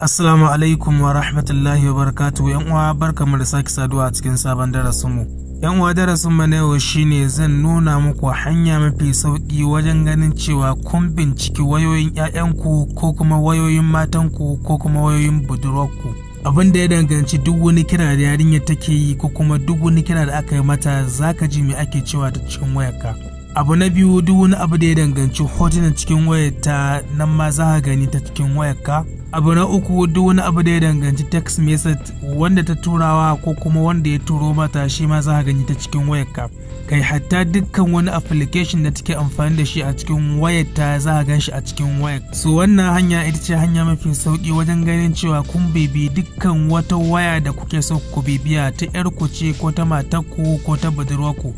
Assalamu alaikum wa rahmatullahi wa barakatuhu ‘yan uwa barkamu da sake saduwa a cikin sabon darasinmu. ‘Yan uwa darasinmu na yau shine zan nuna muku hanya mafi sauƙi wajen ganin cewa kun binciki wayoyin ‘ya'yanku ko kuma wayoyin matanku ko kuma wayoyin budurwarku. Abin da ya danganci duk wani kira da yarinya take yi ko kuma duk wani kira da aka yi mata zaka ji me ake cewa ta cikin wayarka. Abu na biyu duk wani abu da ya danganci hotunan cikin wayarta nan ma za ka gani ta cikin wayarka. abu na uku duk wani abu da ya danganci text message wanda ta turawa ko kuma wanda ya turo mata shi ma za gani ta cikin wayarka kai hatta dukkan wani application da take amfani da shi a cikin wayarta za a gan shi a cikin wayar so wannan hanya ita ce hanya mafi sauki wajen ganin cewa kun bibi dukkan wata waya da kuke so ku bibiya ta yar ku ce ko ta matarku ko ta budurwarku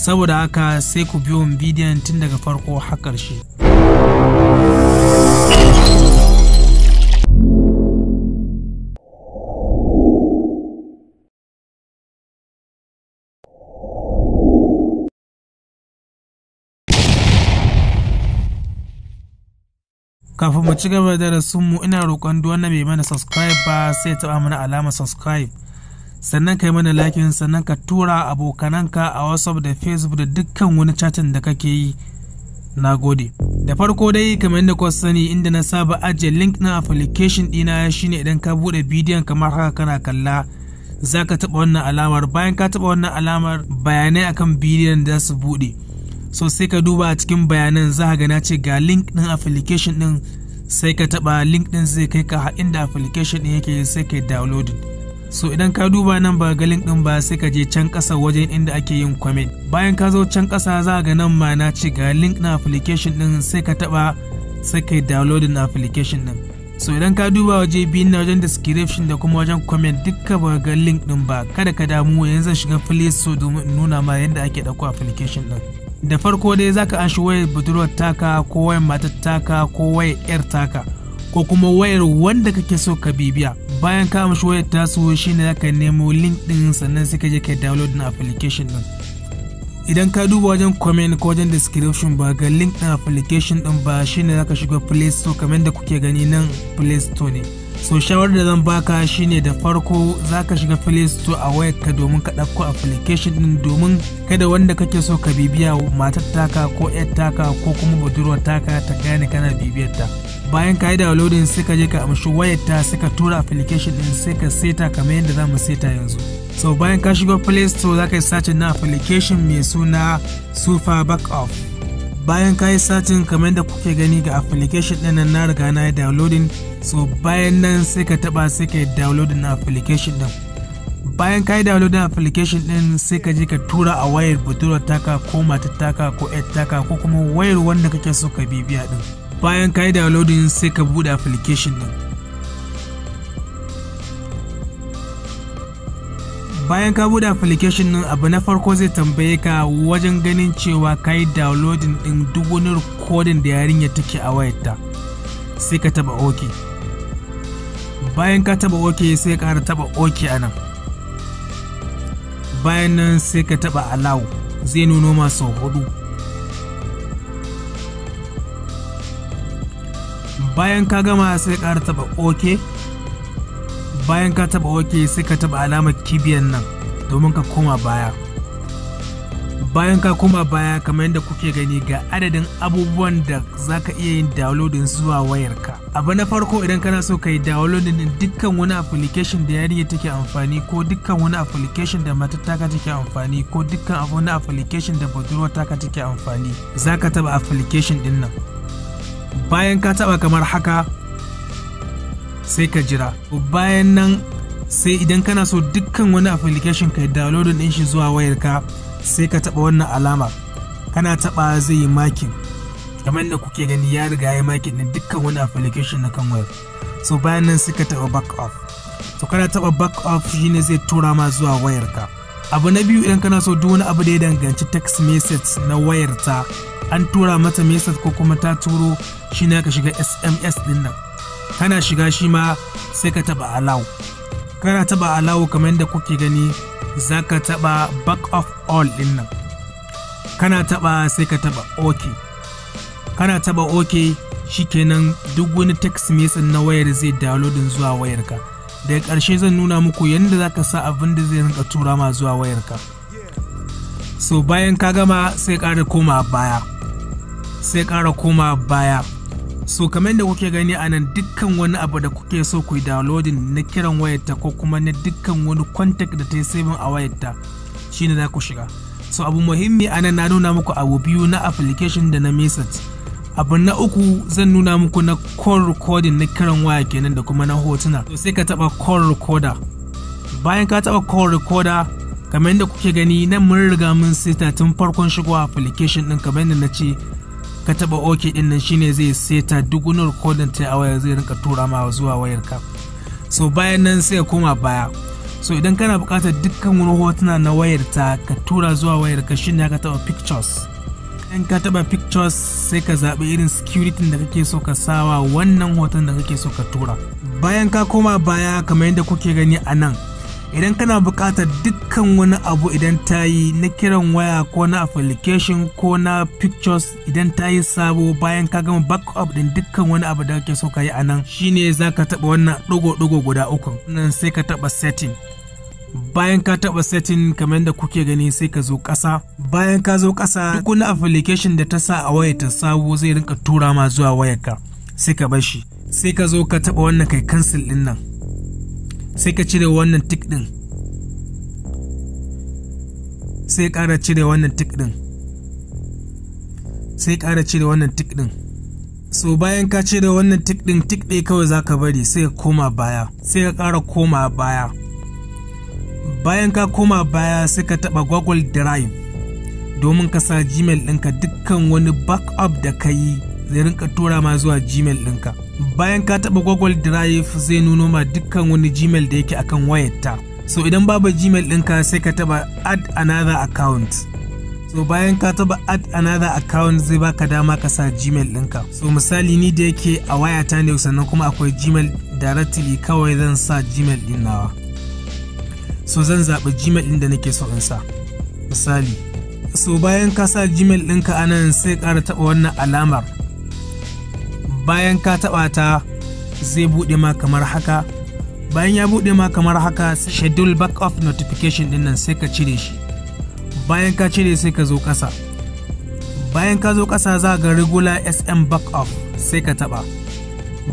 saboda haka sai ku biyo bidiyon tun daga farko har ƙarshe kafin mu ci gaba da mu ina roƙon duk wanda bai mana subscribe ba sai taɓa mana alama subscribe sannan kai mana lakin sannan ka tura abokananka a whatsapp da facebook da dukkan wani chatin da kake yi na gode da farko dai kamar yadda kuka sani inda na saba ajiye link na application ɗina shine idan ka bude bidiyon kamar haka kana kalla za ka taɓa wannan alamar bayan ka taba wannan alamar bayanai akan bidiyon da su bude. so sai ka duba a cikin bayanan za ga na ce ga link din application din sai ka taba link din zai kai ka inda application din yake sai ka downloading so idan ka duba nan ba ga link din ba sai ka je can kasa wajen inda ake yin comment bayan ka zo can kasa za ga nan ma na ce ga link na application din sai ka taba sai ka downloading application din so idan ka duba waje biyun na wajen description da kuma wajen comment dukka ba ga link din ba kada ka damu yanzu shiga play store domin nuna ma yadda ake dauko application din da farko dai zaka an shi wayar budurwar taka ko wayar matar taka ko wayar yar taka ko kuma wayar wanda kake so ka bibiya bayan ka amshi wayar tasu shine zaka nemo link din sannan sai ka je ka download na application din idan ka duba wajen comment ko wajen description ba ga link din application din ba shine zaka shiga play store kamar da kuke gani nan play store ne so shawarar da zan baka shine da farko zaka shiga play store a wayar ka domin ka ɗauko application din domin kada wanda kake so ka bibiya matar taka ko yar taka ko kuma budurwar taka ta gane kana bibiyar ta bayan ka yi downloading sai ka je ka amshi wayar ta sai ka tura application din sai ka seta kamar yadda za mu seta yanzu so bayan ka shiga play store zaka yi sacin na application mai suna super back off bayan kayi satin kamar da kuke gani ga application ɗin nan na riga na yi downloading so bayan nan sai ka taba sai ka yi downloading na application ɗin bayan ka yi downloading application ɗin sai ka je ka tura a wayar budurwar taka ko matar taka ko yar taka ko kuma wayar wanda kake so ka bibiya din bayan kayi yi downloading sai ka buɗe application ɗin bayan ka bude application nan, abu na farko zai tambaye ka wajen ganin cewa ka yi downloading din duk wani recording da yarinya take a wayarta sai ka taba ok bayan ka taba ok sai ka taba ok a nan bayan nan sai ka taba allow zai nuno masu hudu bayan ka gama sai ka taba ok bayan ka taba wake sai ka taba alamar kibiyan nan domin ka koma baya bayan ka koma baya kamar yadda kuke gani ga adadin abubuwan da za ka iya yin downloading zuwa wayarka abu na farko idan kana so ka yi downloading din dukkan wani application da yarinya take amfani ko dukkan wani application da matar taka take amfani ko dukkan wani application da budurwa taka take amfani za ka taba application din nan bayan ka taba kamar haka sai ka jira bayan nan sai idan kana so dukkan wani application ka downloadin din shi zuwa wayarka sai ka taba wannan alama kana taba zai yi makin kamar da kuke gani ya riga ya makin din dukkan wani application na kan wayar so bayan nan sai ka taba back off to kana taba back off shine zai tura ma zuwa wayarka abu na biyu idan kana so duk wani abu da ya danganci text message na wayarta an tura mata message ko kuma ta turo shine ka shiga SMS din nan kana shiga shi ma sai ka taba allow kana taba allow kamar yadda kuke gani za ka taba back of all din nan kana taba sai ka taba ok kana taba ok shikenan duk wani text message na wayar zai downloadin zuwa wayarka daga ƙarshe zan nuna muku yadda za ka sa abin da zai rinka tura ma zuwa wayarka so bayan ka gama sai kara koma baya sai ƙara koma baya so kamar da kuke gani a nan dukkan wani abu da kuke so ku downloading na kiran wayarta ko kuma na dukkan wani contact da ta yi saving a wayarta shine za ku shiga so abu muhimmi a nan na nuna muku abu biyu na application da na message abu na uku zan nuna muku na call recording na kiran waya kenan da kuma na hotuna to sai ka taba call recorder bayan ka taba call recorder kamar yadda kuke gani nan mun riga mun sita tun farkon shigo application din kamar yadda na ce ka taba oke din nan shine zai seta duk wani rikodin ta a wayar zai rinka tura ma zuwa wayar ka so bayan nan sai ya koma baya so idan kana bukatar dukkan wani hotuna na wayar ta ka tura zuwa wayar ka shine ka taba pictures in ka taba pictures sai ka zaɓi irin security da kake so ka sawa wannan hoton da kake so ka tura bayan ka koma baya kamar yadda kuke gani a nan idan kana bukatar dukkan wani abu idan ta yi na kiran waya ko na application ko na pictures idan ta yi sabo bayan ka gama backup din dukkan wani abu da kake so ka yi a nan shine za ka taɓa wannan ɗigo-ɗigo guda uku nan sai ka taɓa setting bayan ka taɓa setting kamar da kuke gani sai ka zo ƙasa bayan ka zo ƙasa duk wani application da ta sa a waya ta sabo zai rinka tura ma zuwa wayarka sai ka bar shi sai ka zo ka taɓa wannan kai cancel ɗin nan sai ka cire wannan tik ɗin sai ƙara cire wannan tik ɗin sai ƙara cire wannan tik ɗin so bayan ka cire wannan tik ɗin tik ɗaya kawai za ka bari sai ka koma baya sai ka ƙara koma baya bayan ka koma baya sai ka taɓa google drive domin ka sa gmail ɗinka dukkan wani backup da ka yi zai rinka tura ma zuwa gmail ɗinka bayan ka taɓa google drive zai nuno ma dukkan wani gmail da yake akan wayarta so idan babu gmail ɗinka sai ka taɓa add another account so bayan ka taɓa add another account zai baka dama ka sa gmail ɗinka so misali ni da yake a wayata ne sannan kuma akwai gmail directly kawai zan sa gmail ɗin nawa so zan zaɓi gmail ɗin da nake so in sa misali so bayan ka sa gmail ɗinka anan sai ƙara taɓa wannan alamar bayan ka taɓa ta zai buɗe ma kamar haka bayan ya buɗe ma kamar haka schedule back up notification ɗin nan sai ka cire shi bayan ka cire sai ka zo ƙasa bayan ka zo ƙasa za ga regular sm back up sai ka taɓa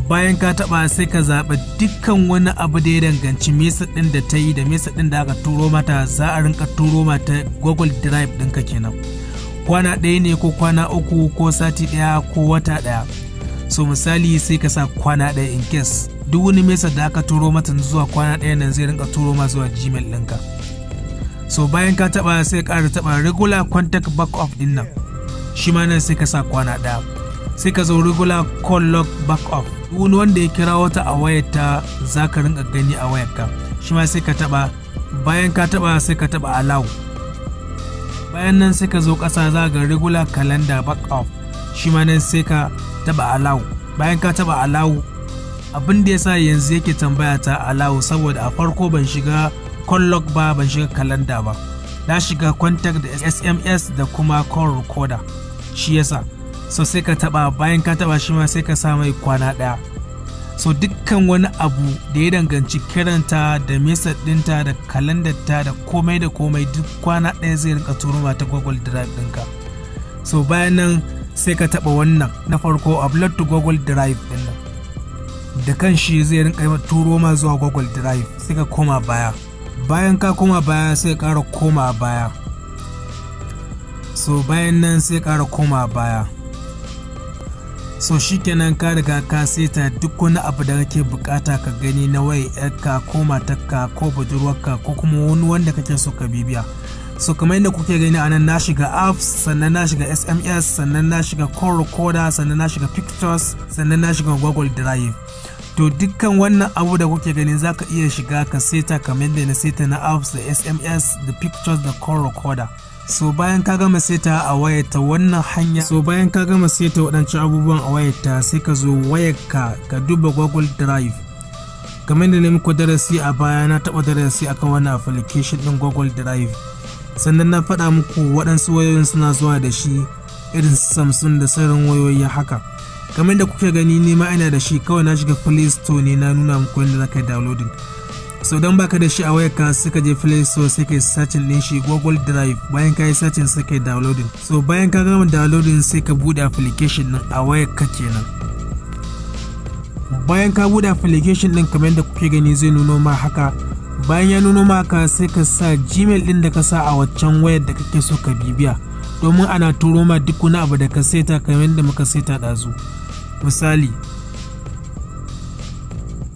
bayan ka taɓa sai ka zaɓi dukkan wani abu da ya danganci mesa ɗin da ta yi da mesa ɗin da aka turo mata za a rinka turo mata google drive ɗinka kenan kwana ɗaya ne ko kwana uku ko sati ɗaya ko wata ɗaya so misali sai ka sa kwana ɗaya in case duk wani mesa da aka turo mata zuwa kwana ɗaya nan zai rinka turo ma zuwa gmail ɗinka so bayan ka taɓa sai ka ƙara taɓa regular contact backup ɗin nan shi ma nan sai ka sa kwana ɗaya sai ka zo regular call log backup wani wanda ya kira wata a ta za ka rinka gani a wayarka shi ma sai ka taɓa bayan ka taɓa sai ka taɓa allow bayan nan sai ka zo ƙasa za ga regular calendar backup shi ma nan sai ka taba alawu bayan ka taba alawu abin da yasa yanzu yake tambaya ta alawu saboda a farko ban shiga conlog ba ban shiga kalanda ba na shiga contact da sms da kuma call recorder shi yasa so sai ka taba bayan ka taba shi ma sai ka sa mai kwana daya so dukkan wani abu da ya danganci kiranta da mesa dinta da ta da komai da komai duk kwana daya zai rinka turuma ta google drive dinka so bayan nan sai ka taɓa wannan na farko blood to google drive din nan da kan shi zai rinka turo ma zuwa google drive sai ka koma baya bayan ka koma baya sai ƙara koma baya so bayan nan sai ƙara koma baya so shikenan ka riga ka seta duk wani abu da kake bukata ka gani na 'yarka ko takka ko budurwarka ko kuma wani wanda kake so ka bibiya so kamar yadda kuke gani anan na shiga apps sannan na shiga sms sannan na shiga call recorder sannan na shiga pictures sannan na shiga google drive to dukkan wannan abu da kuke gani za ka iya shiga ka seta kamar yadda na seta na apps da sms da pictures da call recorder so bayan ka gama seta a wayar ta wannan hanya so bayan ka gama seta waɗancan abubuwan a wayar ta sai ka zo wayar ka ka duba google drive kamar yadda na muku darasi a baya na taɓa darasi akan wannan application ɗin google drive sannan na faɗa muku waɗansu wayoyin suna zuwa da shi irin samsung da sauran wayoyi haka kamar da kuke gani ne ma ina da shi kawai na shiga play store ne na nuna muku yadda zaka downloading so don baka da shi a wayarka ka je play store sai yi searching din shi google drive bayan ka yi searching sai yi downloading so bayan ka gama downloading sai ka bude application din a wayarka kenan bayan ka bude application din kamar da kuke gani zai nuno ma haka bayan ya nuno maka sai ka sa gmail din da ka sa a waccan wayar da kake so ka bibiya domin ana turo ma duk wani abu da ka saita kamar yadda muka saita ɗazu misali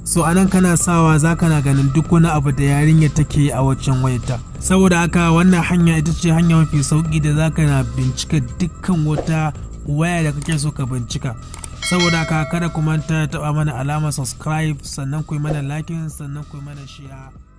so anan kana sawa za kana ganin duk wani abu da yarinyar take a waccan wayarta saboda haka wannan hanya ita ce hanya mafi sauki da za ka na bincika dukkan wata waya da kake so ka bincika saboda haka kada ku manta ya taba mana alamar subscribe sannan ku yi mana liking sannan ku yi mana share